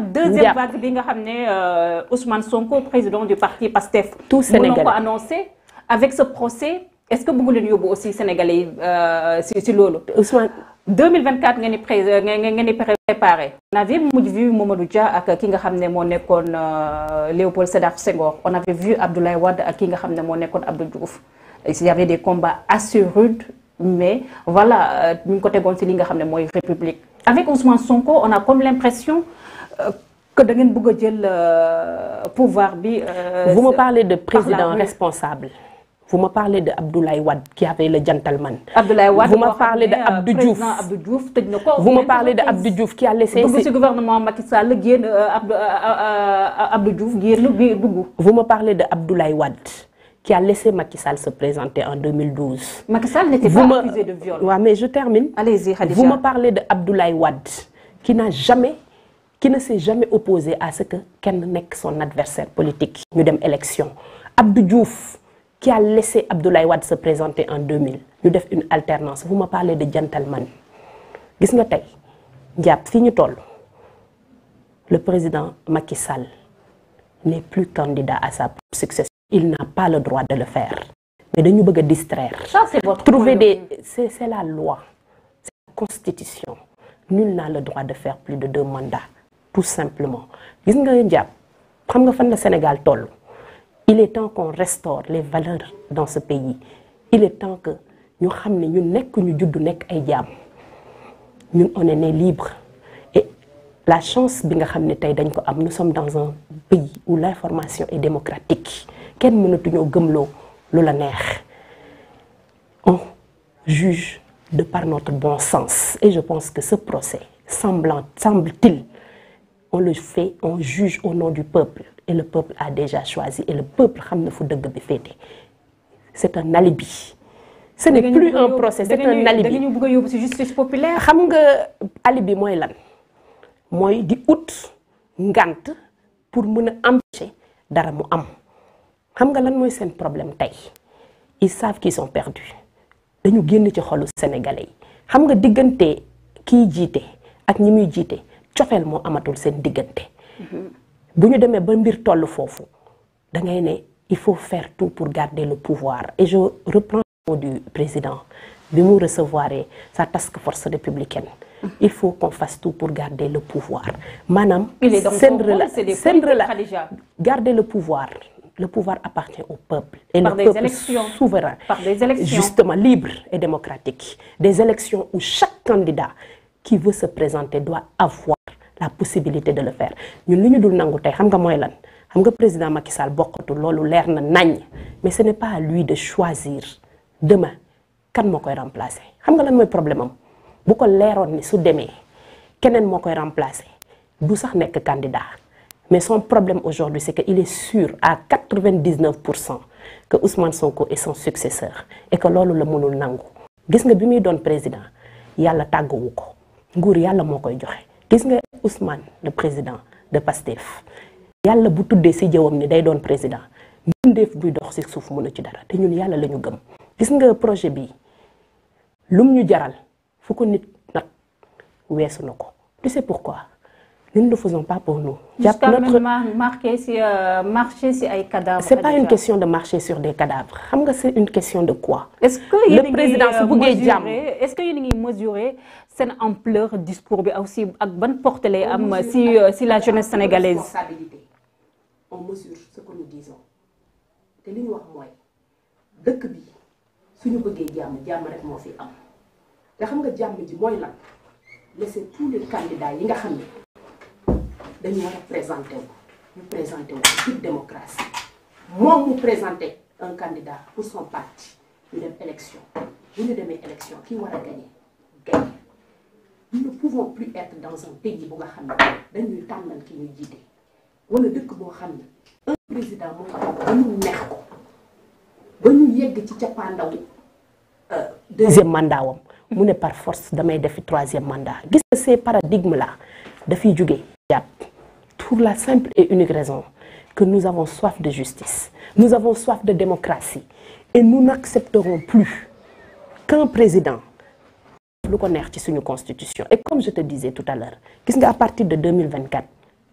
deuxième vague bi nga xam ne euh, Ousmane Sonko président du parti PASTEF. tout Sénégalais mënoo ko annoncé que bëggu leen yóbbu aussi Sénégalais yi euh, si si loolu. Ousmane 2024 ngeen di pré euh, ngeen di préparé. on avait mujj vu Mamadou Dia ak ki nga xam ne moo nekkoon Léopold Sédar Senghor on avait vu Abdoulaye Wade ak ki nga xam ne moo nekkoon Abdou Diouf il y avait des combats assez rudes mais voilà ñu ngi ko tegoon si li nga xam ne mooy république. avec Ousmane Sonko on a comme l'impression que da ngeen bëgg a jël euh, pouvoir bi. Euh, vous me parlez de président responsable. vous me parlez de Abdoulaye Wade qui avait le gentleman. Abdoulaye Wade vous me parlez de Abdou euh, Diouf Abdou Diouf tëj na ko. vous me parlez de Abdou Diouf qui a laissé. dugg gouvernement Macky Sall génn Abdou Abdou Diouf génn bi dugg. vous me parlez de Abdoulaye Wade qui a laissé Macky Sall se présenter en 2012. Macky Sall n'était pas accusé de viol. waaw mais je termine. allez-y Khadija vous me parlez de Abdoulaye Wade qui n'a jamais. qui ne s'est jamais opposé à ce que kenn nekk son adversaire politique ñu dem élection Abdou Diouf qui a laissé Abdoulaye Wade se présenter en 2000 ñu def une alternance vous me parlez de gentleman gis nga tey njàpp si ñu toll le président Macky Sall n'est plus candidat à sa succession il n'a pas le droit de le faire mais dañu bëgg a distraire ça c'est votre trouver des c'est c'est la loi c'est la constitution nul n'a le droit de faire plus de deux mandats tout simplement gis nga jàpp xam nga fan la Sénégal toll il est temps qu'on restaure les valeurs dans ce pays il est temps que ñu xam ne ñu nekk ñu juddu nekk ay jaam ñun on est né libre et la chance bi nga xam ne tey dañ ko am nu sommes dans un pays où l'information est démocratique kenn mënatuñoo gëmloo lu la neex on juge de par notre bon sens et je pense que ce procès semblant semble-t-il on le fait on juge au nom du peuple et le peuple a déjà choisi et le peuple xam na fu dëgg bi féete c'est un alibi ce n'est plus un procès ñu bëgg a yóbbu ci justice populaire xam nga alibi mooy lan mooy di ut ngant pour mun a am ci dara mu am xam nga lan mooy seen problème tey ils savent qu'ils sont perdus dañu génn ci xolu sénégalais yi xam nga diggante kiy jiite ak ñi muy jiite cofeel moo amatul seen diggante bu ñu demee ba mbir toll foofu da ngay ne il faut faire tout pour garder le pouvoir et je reprends du président bi mu recevoir sa task force républicaine il faut qu'on fasse tout pour garder le pouvoir maanaam seen seen rela garder le pouvoir le pouvoir appartient au peuple et par le peuple souverain par des élections justement libre et démocratique des élections où chaque candidat qui veut se présenter doit avoir la possibilité de le faire ñun li ñu dul nangu tey xam nga mooy lan xam nga président Macky Sall bokkatu loolu leer na nañ mais ce n'est pas à lui de choisir demain kan moo koy remplacer xam nga lan mooy problème am bu ko leeroon ni su demee keneen moo koy remplacer bu sax nekk candidat mais son problème aujourd'hui c'est que il est sûr à 99 pour cent que Ousmane Sonko est son successeur et que loolu la mënul nangu gis nga bi muy doon président yàlla tàgguwu ko nguur yàlla moo koy joxe gis nga Ousmane de président de PASTEF yàlla bu tuddee si jëwam ni day doon président mbindeef buy dox si suuf mën a ci dara te ñun yàlla la ñu gëm gis nga projet bi lum ñu jaral fu ko nit nag weesu na ko tu sais pourquoi nous ne le faisons pas pour nous. Jusqu'à notre... marquer si, euh, marcher C'est pas une question de marcher sur des cadavres. C'est une question de quoi Est-ce que le président euh, mesurer, Est-ce que vous mesuré cette ampleur du discours aussi à bonne porte les am, euh, si, la jeunesse sénégalaise responsabilité. On mesure ce que nous disons. Et ce que nous xam nga diam yi nga xamné dañu présenté wu ñu présenté un candidat pour son parti ñu dem élection bu a xam ne dañuy tànnal ki ñuy jiite wala dëkk boo xam ne un président moo ko ba ñu neex ko ba ñu yegg ci cappaandaw euh, deuxième mandat mu ne par force damay defi troisième mandat gis nga ces paradigmes là dafiy jóge jàpp pour la simple et unique raison que nous avons soif de justice, nous avons soif de démocratie et nous n'accepterons plus qu'un président lu ko neex ci suñu constitution et comme je te disais tout à l'heure gis nga à partir de 2024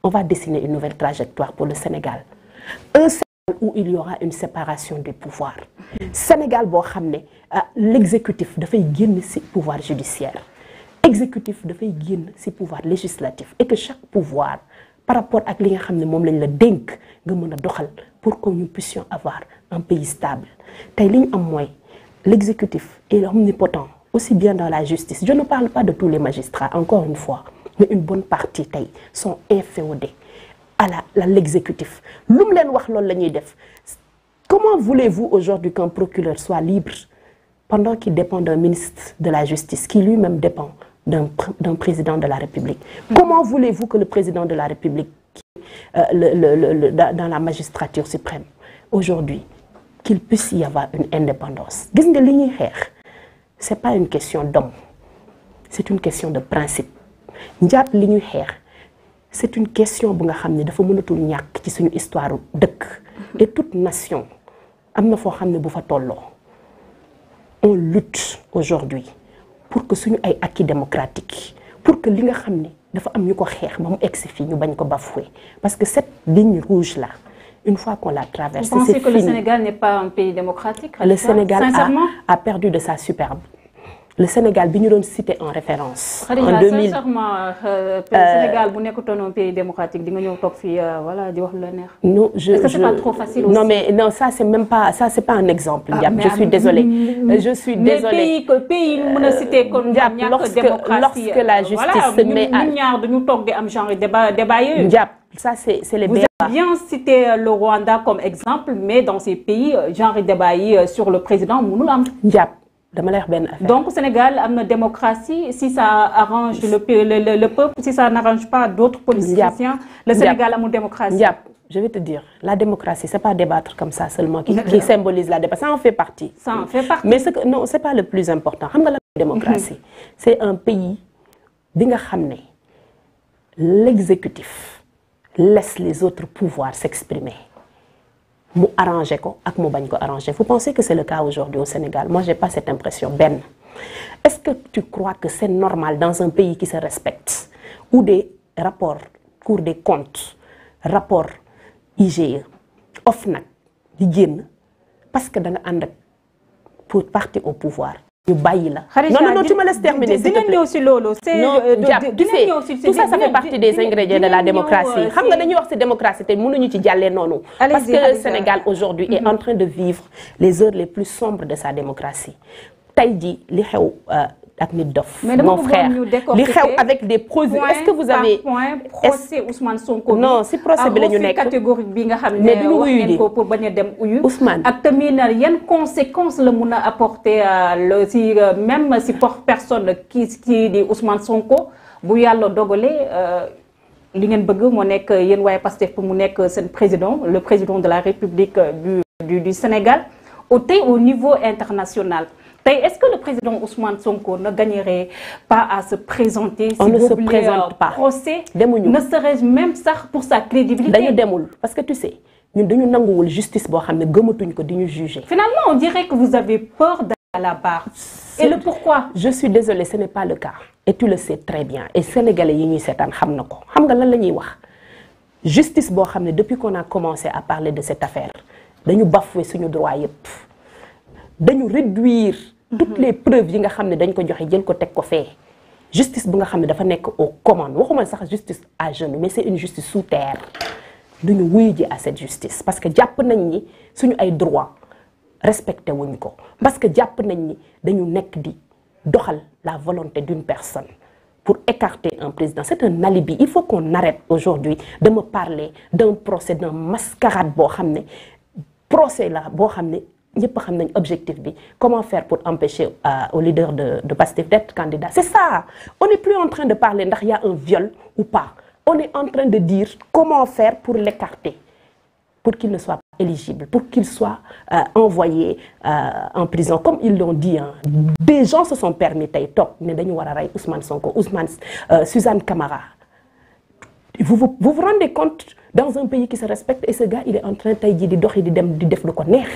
on va dessiner une nouvelle trajectoire pour le Sénégal un Sénégal où il y aura une séparation des pouvoirs Sénégal boo xam ne ah, l'exécutif dafay génn ci pouvoir judiciaire exécutif dafay génn ci pouvoir législatif et que chaque pouvoir par rapport ak li nga xam ne moom lañ la dénk nga mën a doxal pour que ñu puissions avoir un pays stable tey li ñu am mooy l'exécutif est omnipotent aussi bien dans la justice je ne parle pas de tous les magistrats encore une fois mais une bonne partie tey sont inféodés à la la l'exécutif lu mu leen wax loolu la ñuy def comment voulez-vous aujourd'hui qu'un procureur soit libre pendant qu'il dépend d'un ministre de la justice qui lui-même dépend d'un président de la République. Mmh. Comment voulez-vous que le président de la République, euh, le, le, le, dans la magistrature suprême, aujourd'hui, qu'il puisse y avoir une indépendance Gis nga li ñuy xeex c'est pas une question d'homme c'est une question de principe njàpp li ñuy xeex c'est une question bu nga xam ne dafa mënatul ñàkk ci suñu histoire dëkk et toute nation am na foo xam ne bu fa tolloo on lutte aujourd'hui pour que suñu ay acquis démocratique pour que li nga xam ni dafa am ñu ko xeex ba mu egsi fii ñu bañ ko bafoué parce que cette ligne rouge là une fois qu'on la traverse. c'est fini. Vous pensez que le Sénégal n'est pas un pays démocratique? Le Sénégal a, a perdu de sa superbe. le Sénégal bi ñu doon cité en référence. en 2000 sincèrement euh, euh, euh, Sénégal bu nekkutoon un pays démocratique di la neex. non je est-ce que c'est pas trop facile aussi? non mais non ça suis ah, désolée. je suis désolée mm, mm, mm. que pays ñu mën a cité kon. lorsque la justice se met à voilà ça c'est le Rwanda comme exemple mais dans ces pays genre débat yi sur le président mënul dama lay donc Sénégal am na démocratie si ça arrange le le le peuple si n'arrange pas d'autres politiciens. le Sénégal amul démocratie. Ndiap je vais te dire la démocratie c'est pas débattre comme ça seulement. qui qui symbolise la débat ça en fait partie. mais ce que non c'est pas le plus important xam démocratie. c'est un pays bi nga xam ne l'exécutif laisse les autres pouvoirs s'exprimer. mu arrangé ko ak mu bañ ko arrangé vous pensez que c'est le cas aujourd'hui au Sénégal moi j'ai pas cette impression benn est-ce que tu crois que c'est normal dans un pays qui se respecte où des rapports Cour des comptes rapport IGE OFNAC di génn parce que da nga ànd ak pour partie au pouvoir ñu bàyyi la. non non non tu me terminer si loolu. non euh, tu sais tout ça partie des ingrédients de la démocratie euh, xam nga dañuy wax si démocratie te mënuñu ci jàllee noonu. parce que Sénégal aujourd'hui est mm-hmm. en train de vivre les heures les plus sombres de sa démocratie tey jii li xew. Euh, ak nit dof mon frère li xew avec des procès est-ce que vous avez point procès Ousmane Sonko non si procès bi la ñu nekk catégorie bi nga xam ne duñu wax ngeen ko pour bañ a dem uyu Ousmane ak tamit yan conséquence la mun a apporter le si euh, même si pour personne kii kii di Ousmane Sonko bu yàlla dogalee euh, li ngeen bëgg moo nekk yéen waaye Pastef pour mu nekk seen président le président de la République euh, du Sénégal au, au niveau international. Est-ce que le président Ousmane Sonko ne gagnerait pas à se présenter si On vous ne se présente euh, pas. procès ne serait-ce même ça pour sa crédibilité dañu demul parce que tu sais ñun dañu nanguwul justice boo xam ne gëmatuñ ko di ñu juger. Finalement on dirait que vous avez peur de la barre. et le pourquoi. je suis désolée ce n'est pas le cas. et tu le sais très bien et sénégalais yi ñuy setaan xam na ko xam nga lan la ñuy wax justice boo xam ne depuis qu'on a commencé à parler de cette affaire. dañu bafoué suñu droit yëpp dañu réduire toutes les preuves yi nga xam ne dañ ko joxe jël ko teg ko fee justice bu nga xam ne dafa nekk aux commandes waxumal sax justice à genoux mais c'est une justice sous terre duñu wuyu ji à cette justice parce que jàpp nañ ni suñu ay droit respecté wuñ ko parce que jàpp nañ ni dañu nekk di doxal la volonté d'une personne pour écarter un président c'est un alibi il faut qu'on arrête aujourd'hui dama me parler d'un procès d'un mascarade boo xam ne procès la boo xam ne ñëpp xam nañ objectif bi comment faire pour empêcher euh, au leader de de Pastef d'être candidat c'est ça on n'est plus en train de parler ndax y a un viol ou pas on est en train de dire comment faire pour l'écarter pour qu'il ne soit pas éligible pour qu'il soit euh, envoyé euh, en prison comme ils l'ont dit hein des gens se sont permis tey toog ne dañu war a rey Ousmane Sonko Ousmane euh, Suzanne Camara vous vous vous vous rendez compte dans un pays qui se respecte et ce gars il est en train tey jii di doxi di dem di def lu ko neex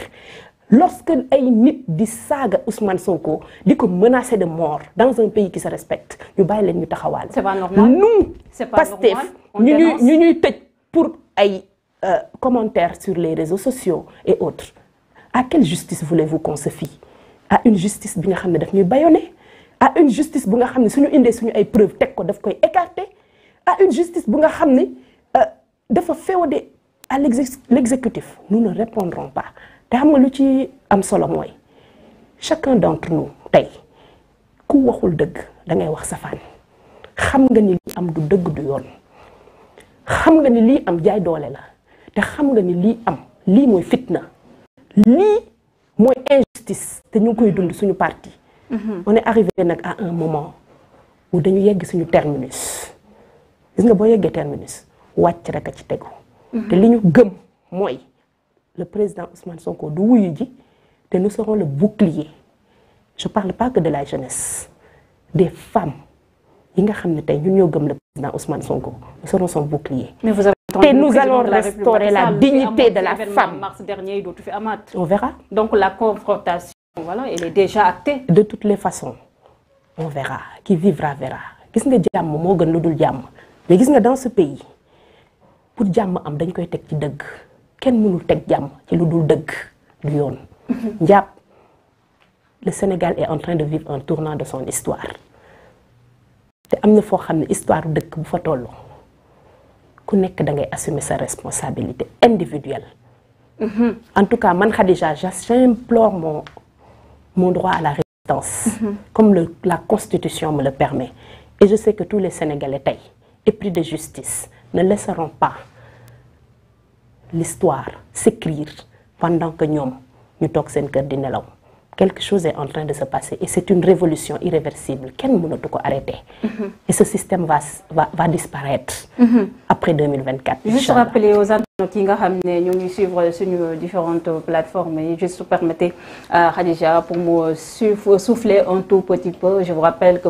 lorsque ay nit di saaga Ousmane Sonko di ko menacer de mort dans un pays qui sa respecte ñu bàyyi leen ñu taxawaal. c'est pas normal nous. c'est pas normal ñu ñuy ñu ñuy tëj pour ay euh, commentaires sur les réseaux sociaux et autres à quelle justice voulez-vous qu'on se fie à une justice bi nga xam ne daf ñuy bâillonner à une justice bu nga xam ne suñu indee suñu ay preuves teg ko daf koy à une justice bu nga xam ni euh, dafa féodé à l'exécutif nous ne répondrons pas te xam nga lu ci am solo mooy chacun d'entre nous tey ku waxul dëgg dangay wax safaan xam nga ni lii am du dëgg du yoon xam nga ni lii am jaay doole la te xam nga ni lii am lii mooy fitna lii mooy injustice te ñu ngi koy dund suñu parti mhm. on est arrivé nag à un moment où dañu yegg suñu terminus gis nga boo yeggee terminus wàcc rek a ci tegu. Mhm. te li ñu gëm mooy le président Ousmane Sonko du wuyu ji te nous serons le bouclier je parle pas que de la jeunesse des femmes yi nga xam ne tey ñun ñoo gëm le président Ousmane Sonko nous serons son bouclier. mais vous avez te nous allons restaurer la dignité de la femme. mars dernier dootu fi amaat. on verra donc la confrontation. voilà elle est déjà actée. de toutes les façons on verra qui vivra verra gis nga jàmm moo gën lu dul jàmm. mais gis nga dans ce pays pour jàmm am dañ koy teg ci dëgg kenn mënul teg jàmm ci lu dul dëgg du yoon. njàpp le Sénégal est en train de vivre un tournant de son histoire te am na foo xam ne histoire dëkk bu fa tollu ku nekk da ngay assumer sa responsabilité individuelle. Mhm. en tout cas man Khadija j'implore mon mon droit à la résistance. Mhm. comme la constitution me le permet et je sais que tous les Sénégalais tey. épris de justice, ne laisseront pas l'histoire s'écrire pendant que nous, nous sommes seen di nelaw quelque chose est en train de se passer et c'est une révolution irréversible kenn mënatu ko arrêter mm-hmm. et ce système va disparaître mm-hmm. après juste rappeler aux internautes yi nga xam ne ñoo ngi suivre différentes plateformes yi juste permettez à pour me euh, souffler un tout petit peu je vous rappelle